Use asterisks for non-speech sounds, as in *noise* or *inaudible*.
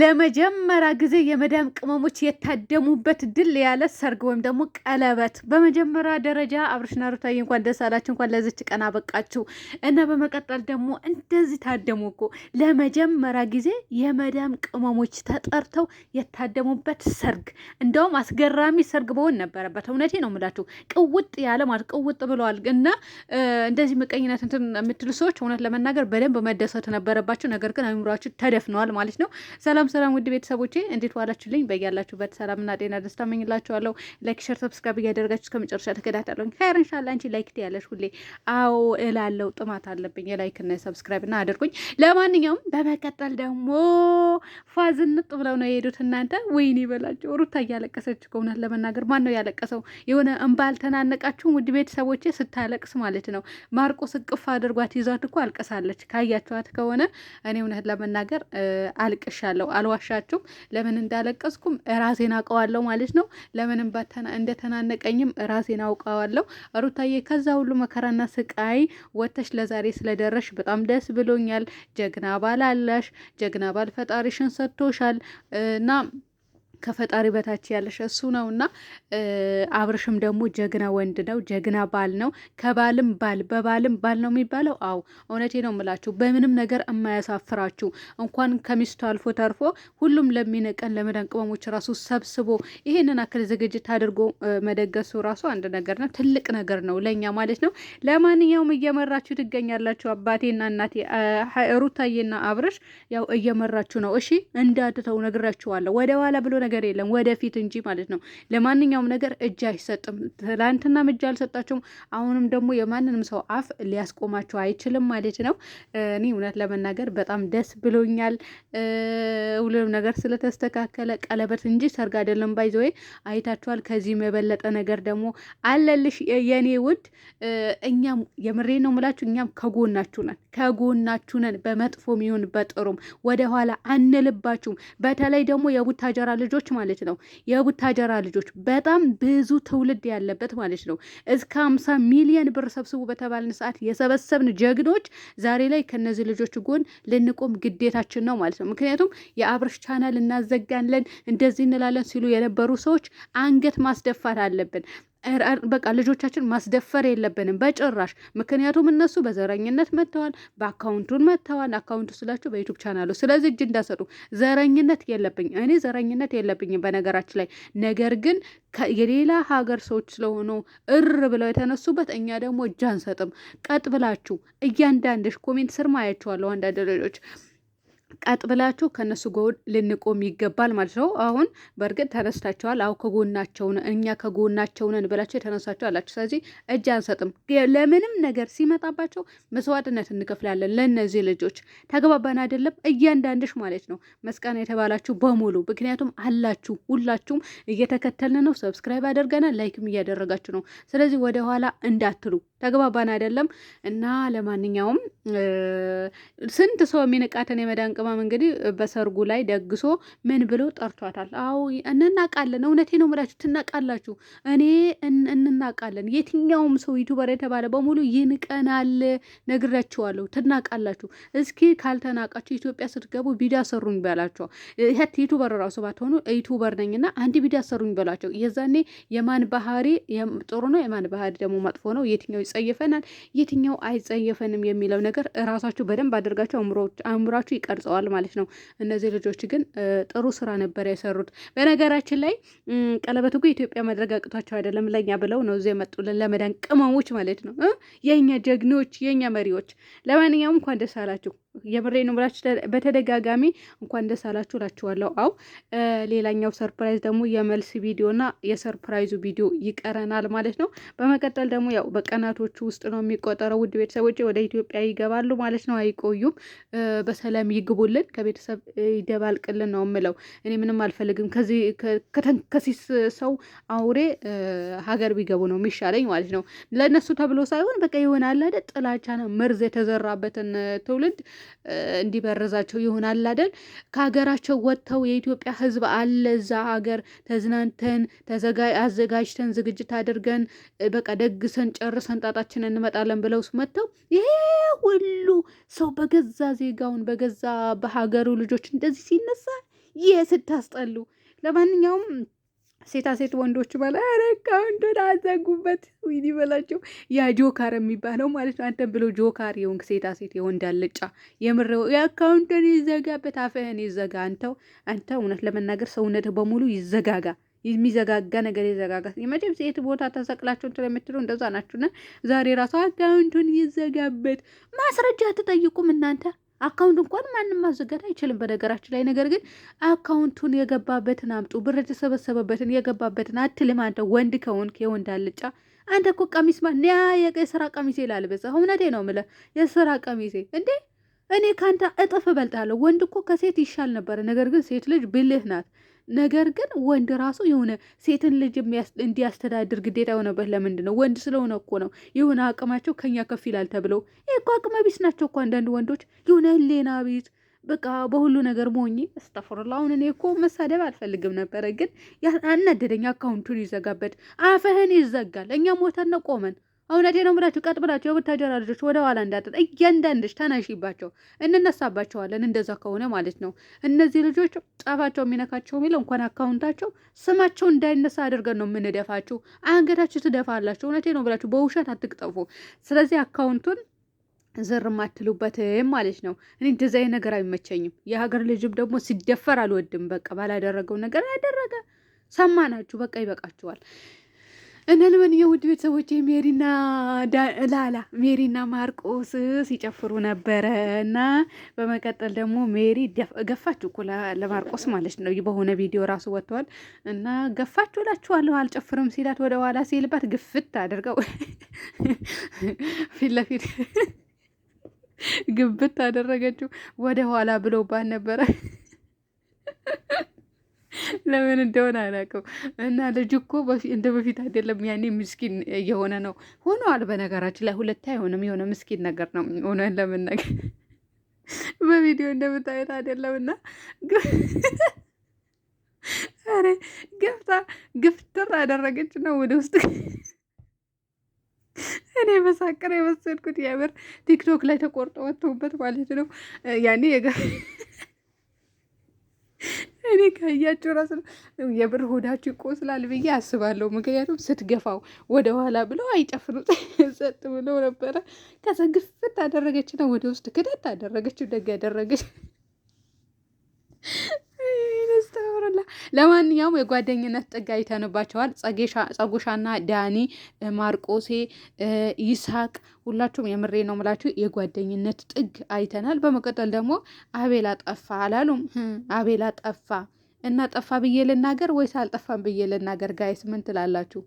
ለመጀመሪያ ጊዜ የመዳም ቅመሞች የታደሙበት ድል ያለ ሰርግ ወይም ደግሞ ቀለበት። በመጀመሪያ ደረጃ አብርሽና ሩታዬ እንኳን ደስ አላችሁ፣ እንኳን ለዚች ቀን አበቃችሁ እና በመቀጠል ደግሞ እንደዚህ ታደሙ እኮ ለመጀመሪያ ጊዜ የመዳም ቅመሞች ተጠርተው የታደሙበት ሰርግ። እንደውም አስገራሚ ሰርግ በሆን ነበረበት። እውነቴ ነው የምላችሁ፣ ቅውጥ ያለ ማለት ቅውጥ ብለዋል። እና እንደዚህ ምቀኝነት እንትን የምትሉ ሰዎች እውነት ለመናገር በደንብ መደሰት ነበረባቸው። ነገር ግን አይምሯችሁ ተደፍነዋል ማለት ነው። ሰላም ሰላም፣ ውድ ቤተሰቦቼ እንዴት ዋላችሁልኝ? በያላችሁበት ሰላምና ጤና ደስታ መኝላችኋለሁ። ላይክ ሸር፣ ሰብስክራብ እያደረጋችሁ እስከ መጨረሻ ተከታተሉኝ። ኸይር እንሻላ። አንቺ ላይክ ትያለሽ ሁሌ። አዎ እላለው፣ ጥማት አለብኝ። የላይክ እና ሰብስክራይብ እና አድርጉኝ። ለማንኛውም በመቀጠል ደግሞ ፋዝንጥ ብለው ነው የሄዱት። እናንተ ወይኔ በላቸው። ሩታ እያለቀሰች ከእውነት ለመናገር ማን ነው ያለቀሰው? የሆነ እንባ አልተናነቃችሁም? ውድ ቤተሰቦቼ ስታለቅስ ማለት ነው። ማርቆስ እቅፍ አድርጓት ይዟት እኮ አልቀሳለች። ካያችኋት ከሆነ እኔ እውነት ለመናገር አልቅሻለሁ። አልዋሻችሁም። ለምን እንዳለቀስኩም ራሴን አውቀዋለሁ ማለት ነው። ለምንም እንደተናነቀኝም ራሴን አውቀዋለሁ። ሩታዬ ከዛ ሁሉ መከራና ስቃይ ወተሽ ለዛሬ ስለደረሽ በጣም ደስ ብሎኛል። ጀግና ባል አለሽ። ጀግና ባል ፈጣሪሽን ሰጥቶሻል እና ከፈጣሪ በታች ያለሽ እሱ ነው እና አብርሽም ደግሞ ጀግና ወንድ ነው፣ ጀግና ባል ነው። ከባልም ባል በባልም ባል ነው የሚባለው። አው እውነቴ ነው የምላችሁ። በምንም ነገር የማያሳፍራችሁ እንኳን ከሚስቱ አልፎ ተርፎ ሁሉም ለሚነቀን ለመዳን ቅመሞች ራሱ ሰብስቦ ይሄንን አክል ዝግጅት አድርጎ መደገሱ ራሱ አንድ ነገር ነው፣ ትልቅ ነገር ነው ለእኛ ማለት ነው። ለማንኛውም እየመራችሁ ትገኛላችሁ። አባቴና እናቴ ሩታዬና አብርሽ ያው እየመራችሁ ነው። እሺ እንዳትተው ነግራችኋለሁ። ወደኋላ ብሎ ነገር ነገር የለም ወደፊት እንጂ ማለት ነው። ለማንኛውም ነገር እጅ አይሰጥም። ትላንትና እጅ አልሰጣቸውም። አሁንም ደግሞ የማንንም ሰው አፍ ሊያስቆማቸው አይችልም ማለት ነው። እኔ እውነት ለመናገር በጣም ደስ ብሎኛል። ሁሉም ነገር ስለተስተካከለ ቀለበት እንጂ ሰርግ አይደለም። ወይ አይታችኋል። ከዚህም የበለጠ ነገር ደግሞ አለልሽ የኔ ውድ። እኛም የምሬ ነው ምላችሁ፣ እኛም ከጎናችሁ ነን፣ ከጎናችሁ ነን። በመጥፎ ይሁን በጥሩም ወደኋላ አንልባችሁም። በተለይ ደግሞ የቡታጀራ ልጆች ልጆች ማለት ነው። የቡታጀራ ልጆች በጣም ብዙ ትውልድ ያለበት ማለት ነው። እስከ አምሳ ሚሊየን ብር ሰብስቡ በተባልን ሰዓት የሰበሰብን ጀግኖች ዛሬ ላይ ከነዚህ ልጆች ጎን ልንቆም ግዴታችን ነው ማለት ነው። ምክንያቱም የአብርሽ ቻናል እናዘጋለን እንደዚህ እንላለን ሲሉ የነበሩ ሰዎች አንገት ማስደፋት አለብን። በቃ ልጆቻችን ማስደፈር የለብንም በጭራሽ። ምክንያቱም እነሱ በዘረኝነት መጥተዋል፣ በአካውንቱን መጥተዋል። አካውንቱ ስላቸው በዩቱብ ቻናሉ። ስለዚህ እጅ እንዳሰጡ ዘረኝነት የለብኝ እኔ ዘረኝነት የለብኝም በነገራችን ላይ ነገር ግን የሌላ ሀገር ሰዎች ስለሆኑ እር ብለው የተነሱበት እኛ ደግሞ እጅ አንሰጥም። ቀጥ ብላችሁ እያንዳንድሽ ኮሜንት ስር ማያቸዋለሁ አንዳንድ ልጆች ቀጥ ብላችሁ ከእነሱ ጎን ልንቆም ይገባል ማለት ነው። አሁን በእርግጥ ተነስታችኋል። አሁ ከጎናቸውን እኛ ከጎናቸውንን ብላችሁ የተነሳችሁ አላችሁ። ስለዚህ እጅ አንሰጥም። ለምንም ነገር ሲመጣባቸው መስዋዕትነት እንከፍላለን ለእነዚህ ልጆች። ተግባባን አይደለም? እያንዳንድሽ ማለት ነው መስቀን የተባላችሁ በሙሉ ምክንያቱም አላችሁ። ሁላችሁም እየተከተልን ነው። ሰብስክራይብ አድርገናል። ላይክም እያደረጋችሁ ነው። ስለዚህ ወደኋላ እንዳትሉ ተግባባን አይደለም? እና ለማንኛውም ስንት ሰው የሚንቃትን የመዳን ቅመም እንግዲህ በሰርጉ ላይ ደግሶ ምን ብሎ ጠርቷታል? አዎ እንናቃለን። እውነቴ ነው የምላችሁ፣ ትናቃላችሁ። እኔ እንናቃለን። የትኛውም ሰው ዩቱበር የተባለ በሙሉ ይንቀናል። ነግራችኋለሁ። ትናቃላችሁ። እስኪ ካልተናቃችሁ ኢትዮጵያ ስትገቡ ቢዳ ሰሩኝ በላቸው። ይህት ዩቱበር ራሱ ባትሆኑ ዩቱበር ነኝና አንድ ቢዳ ሰሩኝ በላቸው። የዛኔ የማን ባህሪ ጥሩ ነው፣ የማን ባህሪ ደግሞ መጥፎ ነው፣ የትኛው ይጸየፈናል፣ የትኛው አይጸየፈንም የሚለው ነገር ራሳችሁ በደንብ አድርጋችሁ አእምሯችሁ ይቀርጸዋል ማለት ነው። እነዚህ ልጆች ግን ጥሩ ስራ ነበር የሰሩት። በነገራችን ላይ ቀለበት እኮ ኢትዮጵያ መድረግ አቅቷቸው አይደለም፣ ለእኛ ብለው ነው እዚያ የመጡልን ለመዳን ቅመሞች ማለት ነው። የእኛ ጀግኖች፣ የእኛ መሪዎች። ለማንኛውም እንኳን ደስ አላችሁ። የምሬ ነው ብላችሁ በተደጋጋሚ እንኳን ደስ አላችሁ እላችኋለሁ። አው ሌላኛው ሰርፕራይዝ ደግሞ የመልስ ቪዲዮና የሰርፕራይዙ ቪዲዮ ይቀረናል ማለት ነው። በመቀጠል ደግሞ ያው በቀናቶቹ ውስጥ ነው የሚቆጠረው። ውድ ቤተሰቦች ወደ ኢትዮጵያ ይገባሉ ማለት ነው። አይቆዩም። በሰላም ይግቡልን፣ ከቤተሰብ ይደባልቅልን ነው የምለው። እኔ ምንም አልፈልግም። ከዚህ ሰው አውሬ ሀገር ቢገቡ ነው የሚሻለኝ ማለት ነው። ለእነሱ ተብሎ ሳይሆን በቃ ይሆናል አይደል? ጥላቻ ነው መርዝ የተዘራበትን ትውልድ እንዲበረዛቸው ይሆናል አይደል? ከሀገራቸው ወጥተው የኢትዮጵያ ሕዝብ አለ እዛ ሀገር ተዝናንተን አዘጋጅተን ዝግጅት አድርገን በቃ ደግሰን ጨርሰን ጣጣችን እንመጣለን ብለው መጥተው ይሄ ሁሉ ሰው በገዛ ዜጋውን በገዛ በሀገሩ ልጆች እንደዚህ ሲነሳ ይህ ስታስጠሉ ለማንኛውም ሴታ ሴት ወንዶች በላ ረካ ወንዶን አዘጉበት ወይኒ በላቸው። ያ ጆካር የሚባለው ማለት ነው። አንተን ብሎ ጆካር የሆንክ ሴታ ሴት የወንድ አልጫ የምረው የአካውንትን ይዘጋበት፣ አፍህን ይዘጋ። አንተው አንተ እውነት ለመናገር ሰውነት በሙሉ ይዘጋጋ። የሚዘጋጋ ነገር ይዘጋጋ። የመቼም ሴት ቦታ ተሰቅላችሁ እንትን የምትለው እንደዛ ናችሁና ዛሬ ራሱ አካውንቱን ይዘጋበት። ማስረጃ አትጠይቁም እናንተ አካውንት እንኳን ማንም ማዘጋት አይችልም በነገራችን ላይ። ነገር ግን አካውንቱን የገባበትን አምጡ፣ ብር የተሰበሰበበትን የገባበትን አትልም። አንተ ወንድ ከሆንክ የወንድ አልጫ አንተ እኮ ቀሚስ ማ ኒያ የስራ ቀሚሴ ላልበሰ እውነቴ ነው ምለ የስራ ቀሚሴ እንዴ እኔ ከአንተ እጥፍ እበልጣለሁ። ወንድ እኮ ከሴት ይሻል ነበረ። ነገር ግን ሴት ልጅ ብልህ ናት። ነገር ግን ወንድ ራሱ የሆነ ሴትን ልጅ እንዲያስተዳድር ግዴታ የሆነበት ለምንድን ነው? ወንድ ስለሆነ እኮ ነው። የሆነ አቅማቸው ከኛ ከፍ ይላል ተብለው። ይህ እኮ አቅመ ቢስ ናቸው እኮ አንዳንድ ወንዶች፣ የሆነ ህሌና ቢስ በቃ በሁሉ ነገር ሞኝ። እስተፍርላ አሁን እኔ እኮ መሳደብ አልፈልግም ነበረ፣ ግን አናደደኝ። አካውንቱን ይዘጋበት፣ አፈህን ይዘጋል። እኛ ሞተን ቆመን እውነቴ ነው ብላችሁ ቀጥ ብላችሁ የቡታጀራ ልጆች ወደ ኋላ እንዳጥል እያንዳንድሽ ተናሽባቸው፣ እንነሳባቸዋለን። እንደዛ ከሆነ ማለት ነው እነዚህ ልጆች ጫፋቸው የሚነካቸው የሚለው እንኳን አካውንታቸው ስማቸው እንዳይነሳ አድርገን ነው የምንደፋችሁ። አንገታችሁ ትደፋላችሁ። እውነቴ ነው ብላችሁ በውሸት አትቅጠፉ። ስለዚህ አካውንቱን ዝር ማትሉበትም ማለት ነው። እኔ እንደዚያ ነገር አይመቸኝም። የሀገር ልጅም ደግሞ ሲደፈር አልወድም። በቃ ባላደረገው ነገር ያደረገ ሰማናችሁ። በቃ ይበቃችኋል። እና ለማንኛውም ውድ ቤተሰቦች ሜሪና ላላ ሜሪና ማርቆስ ሲጨፍሩ ነበረ እና በመቀጠል ደግሞ ሜሪ ገፋችሁ እኮ ለማርቆስ ማለት ነው። በሆነ ቪዲዮ ራሱ ወጥተዋል እና ገፋችሁ እላችኋለሁ አልጨፍርም ሲላት ወደ ኋላ ሲልባት ግፍት አድርገው ፊት ለፊት ግብት አደረገችው። ወደ ኋላ ብሎባት ነበረ። ለምን እንደሆነ አላውቅም። እና ልጅ እኮ እንደ በፊት አይደለም፣ ያኔ ምስኪን የሆነ ነው ሆነዋል። በነገራችን ላይ ሁለት አይሆንም፣ የሆነ ምስኪን ነገር ነው ሆነን ለምን ነገር በቪዲዮ እንደምታዩት አይደለም። እና ኧረ ገፍታ ግፍትር አደረገች ነው ወደ ውስጥ እኔ መሳቀር የመሰልኩት የምር ቲክቶክ ላይ ተቆርጦ ወጥቶበት ማለት ነው ያኔ እኔ ካያችሁ ራሱ የብር ሆዳችሁ ይቆስላል ብዬ አስባለሁ። ምክንያቱም ስትገፋው ወደ ኋላ ብለው አይጨፍኑት ሰጥ *laughs* ብለው ነበረ። ከዛ ግፍት አደረገች ነው ወደ ውስጥ ክደት አደረገችው። ደግ ያደረገች አስተውሩላ። ለማንኛውም የጓደኝነት ጥግ አይተንባቸዋል። ጸጉሻና ዳኒ፣ ማርቆሴ፣ ይስሐቅ ሁላችሁም የምሬ ነው ምላችሁ የጓደኝነት ጥግ አይተናል። በመቀጠል ደግሞ አቤላ ጠፋ አላሉም? አቤላ ጠፋ እና ጠፋ ብዬ ልናገር ወይስ አልጠፋም ብዬ ልናገር? ጋይስ ምን ትላላችሁ?